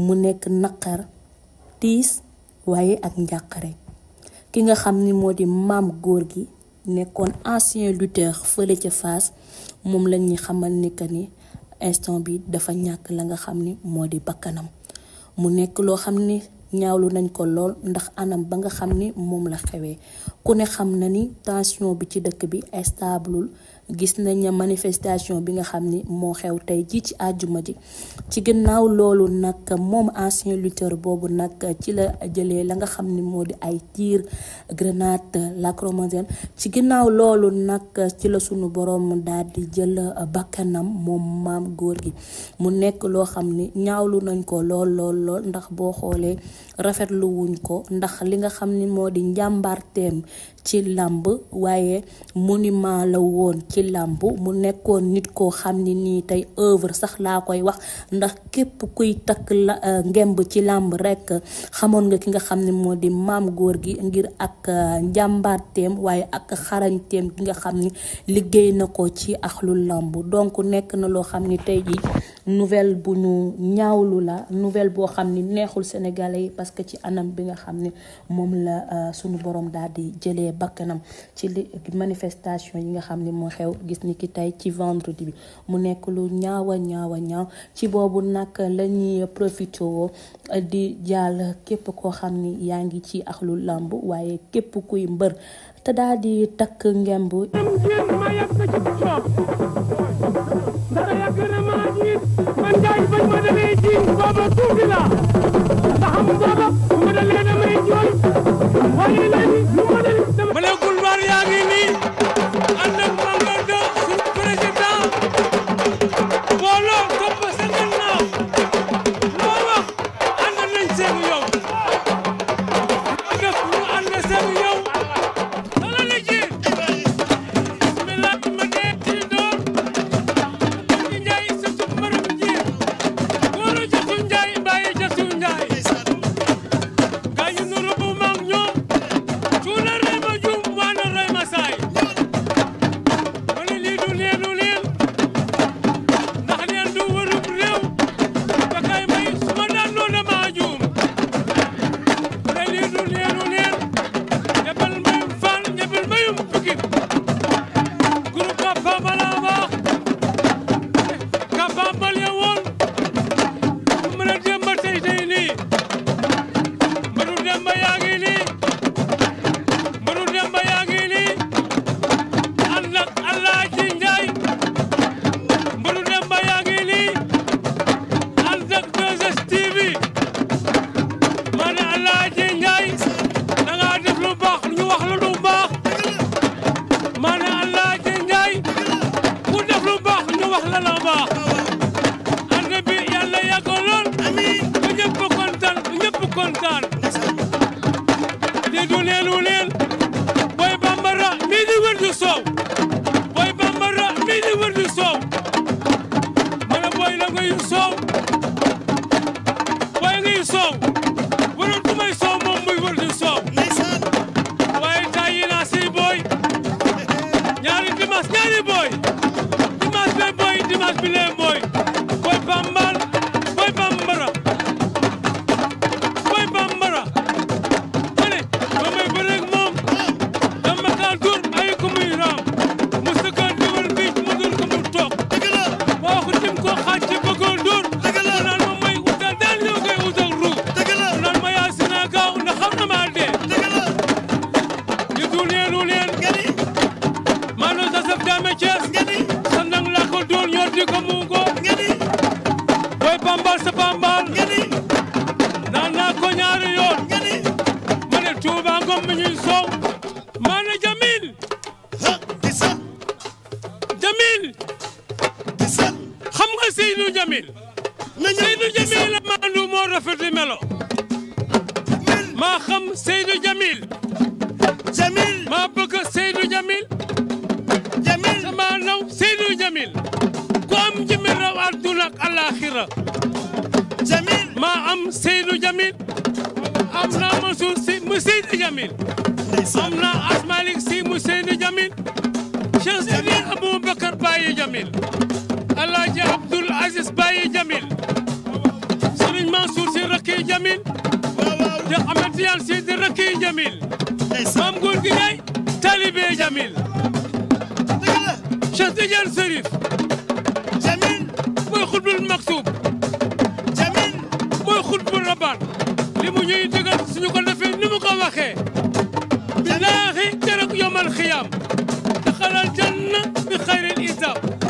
mu nekk naqar tiis waaye ak njàqare ki nga xam ni moo di maam góor gi nekkoon ancien lutteur fële ca Fass moom lañuy xamal ni que ni instant bi dafa ñàkk la nga xam ni moo di bakkanam mu nekk loo xam ni ñaawlu nañ ko lool ndax anam ba nga xam ni moom la xewee ku ne xam na ni tension bi ci dëkk bi estableul gis nañ manifestation bi nga xam ni moo xew tey jii ci àjjuma ji ci ginnaaw loolu nag moom ancien lutteur boobu nag ci la jëlee la nga xam ni moo di ay tir grenade lacrymogène ci ginnaaw loolu nag ci la sunu borom daal di jël bakkanam moom maam góor gi mu nekk loo xam ni ñaawlu nañ ko lool lool ndax boo xoolee rafetlu wuñ ko ndax li nga xam ni moo di njàmbaarteem ci làmb waaye monument la woon ci làmb mu nekkoon nit koo xam ne nii tey œuvre sax laa koy wax ndax képp kuy takk la euh, ngemb ci làmb rekk xamoon nga ki nga xam ne moo di maam góor gi ngir ak euh, njàmbaarteem waaye ak xarañteem gi nga xam ni liggéey na ko ci axlu làmb donc nekk na loo xam ni tey jii nouvelle bu ñu ñaawlu la nouvelle boo xam ni neexul sénégalais yi parce que ci anam bi nga xam ne moom la euh, sunu boroom daal di jëlee bakkanam ci li manifestation yi nga xam ne moo xew gis ni ki tey ci vendredi bi mu nekk lu ñaawa ñaawa ñaaw ci boobu nag lañuy ñuy profité euh, di jàll képp koo xam ni yaa ngi ci axlu làmb waaye képp kuy mbër te daal di takk ngemb Seven. la la baax ànd bi yàlla yàgg lool amiin ba ñëpp kontaan ba ñëpp kontaan te du ne lu ne pambal sa pambal ngani naan naa ko ñaari yoon ngani ma ne Touba Ngom mi ñuy soow ha di sa Jamil di sa xam nga Seydou Jamil maa xam Seydou Jamil Jamil maa bëgg am Seydou Jamil amna Mansour si mu Seydou Jamil amna as malik si mu Seydou Jamil Cheikh serigne abou bakkar Baye Jamil Alhaji Abdoul Aziz Baye Jamil Serigne Mansour si Rakki Jamil de Ahmed Tidiane si di Rakki Jamil Maam gol gi ngay Talibé Jamil Cheikh Tidiane Serif Jamil moy xutbul maktoub suñu ko defee ni mu ko waxee bilaahi jarak yomal xiyaam daxalal janna bi xayril isaab